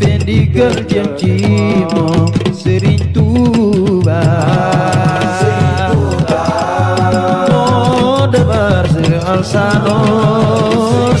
Fendi girl janjimu sering tuba Kau oh, debar segal sanor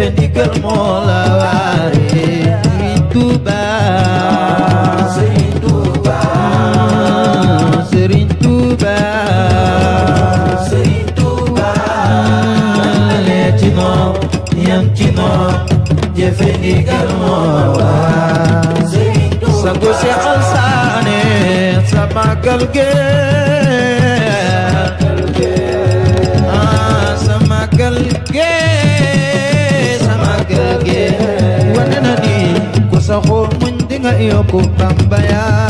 fendi kër moo la waare Sëriñ Tuuba Sëriñ Tuuba Sëriñ Alsaane yau ku tambaya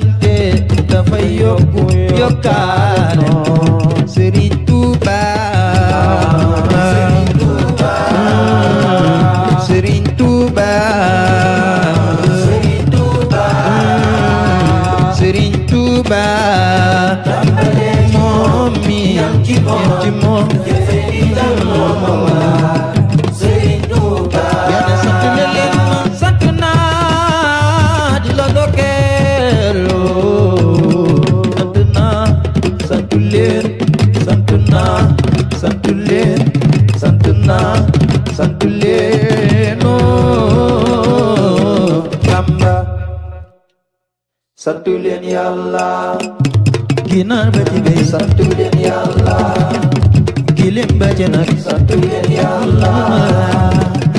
cante dafay yokku yokkaane Sëriñ Tuuba Sëriñ Tuuba Sëriñ Tuuba Sëriñ Tuuba moom mi yam ci moom santulleno lamba santulen ya allah ginar beti be santulen ya allah gilim bajana santulen ya allah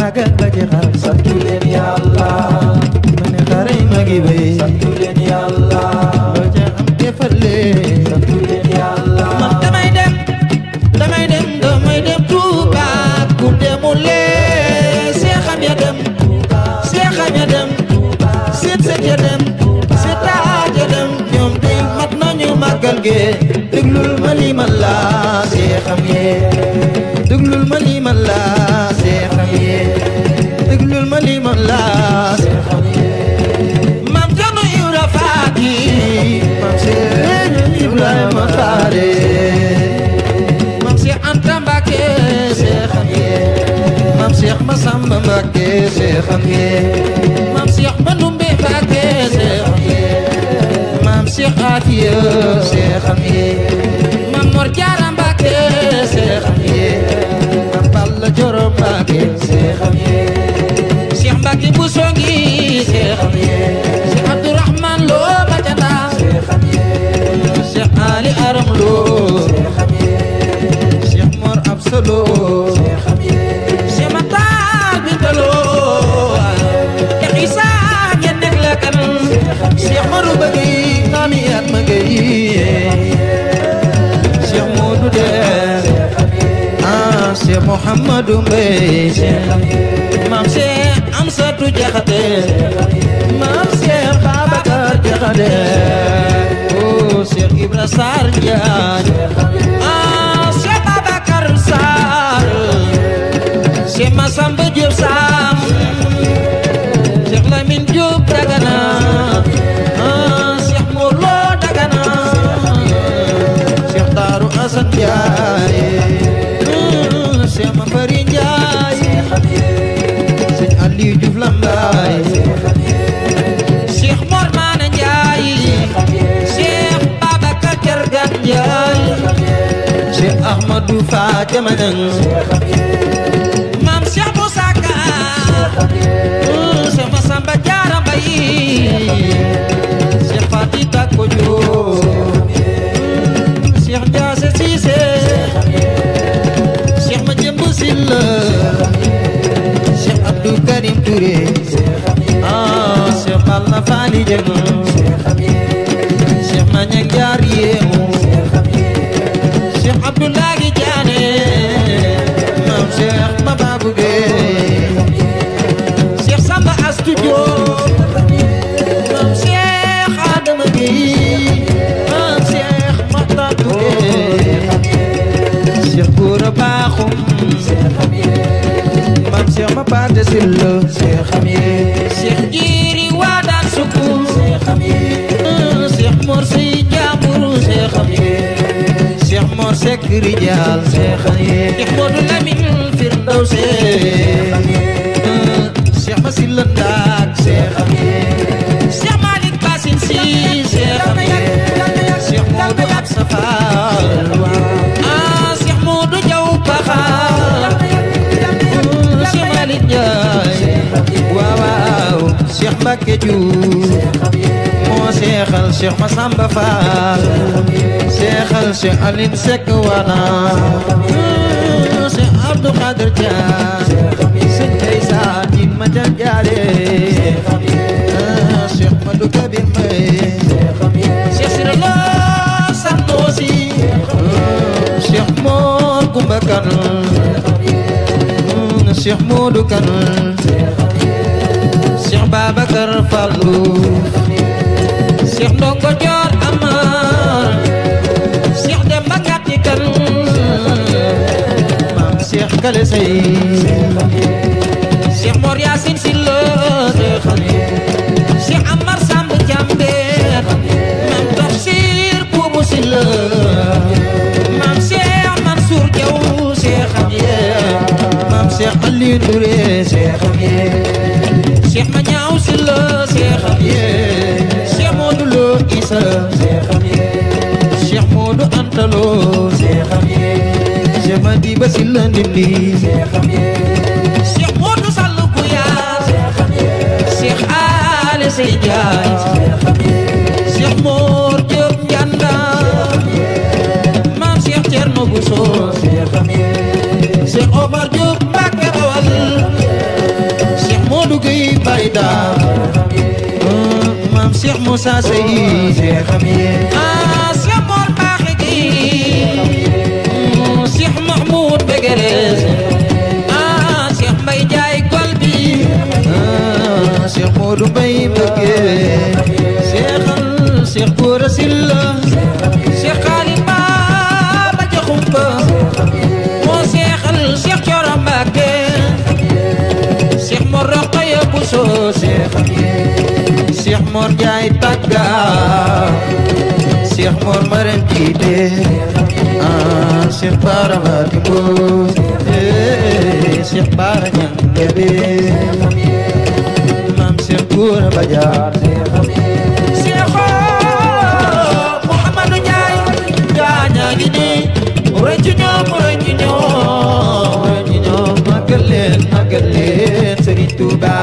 nagar bajana santulen ya jógee déglul ma lii ma la see xam yee déglul ma lii ma la see ma lii ma la see xam yee maam Cerno Ibra Faati maam Cerno Ibrahima Mbàkke bu songi Cheikh Cheikh Abdourahman Lo ba ca ndax Cheikh Ali Aram Lo Cheikh Mor Absa Lo Cheikh Matar Binta Lo Cheikh Issa ngeen nekk la kan Cheikh Maru Bëggi naami at ma gëy Cheikh Modou Deme ah Cheikh Mouhamadou Mbaye Maam Cheikh Fatou Diakhaté maam Cheikh Babacar Diakhaté oh Cheikh Ibra Sarr Ndiagne lii Juuf Lambaay Cheikh Mor Maana Njaay Cheikh Babacar Jargan Njaay Cheikh Ahmadou Fatima Ñaŋ maam Cheikh Moussa Ka Cheikh Massamba Jaara Mbay xum seexam yee maam seex ma paate sillo seexam yee seex jiiri waa daan sukkum seexam yee seex moor say jaamburu seexam yee seex moor sekk rijaal seexam yee seex moodu lamin firdaw seexam yee seex ma sillo ndaak seexam yee Mbacke Diouf moo seexal Cheikh Massamba Fall seexal Cheikh Aline Seck Wana Cheikh Abdou Khadir Dia Cheikh Issa Dine ma janjaale ah, Cheikh Madou Kabir Mbaye Cheikh Sira Lo Sanosi Cheikh Mor Koumba Kane ah, Cheikh Modou Kane Babacar Fallou Cheikh Ndongo Dior Amar Cheikh Demba Kati Kan maam Cheikh Kale Sey Cheikh Mor ci lundi bi Cheikh Modou Sall bu yaa Cheikh Ali Sey Jaay Cheikh Mor Diop Njanda Maam Cheikh Thierno Bousso Cheikh Omar Diop Mbacké Bawal Cheikh Modou Gueye Bayda Maam Cheikh Moussa Sey Moodu Bay bëggee seexal seex Góora Silla seex Xaali Baaba Jaxumpa moo seexal seex Cooro Mbàkke seex Mor Roqaya Buso seex Mor Jaay Tagga seex Mor Maram Jiite ah seex Baara Faati Góor eh, seex Baara Ñaŋ Bébé góor ba jaar Seexo Muhammadu Njaay gaañaa ngi nii rëccu ñoom rëccu ñoom rëccu ñoom màggal leen màggal leen Sëriñ Tuubaa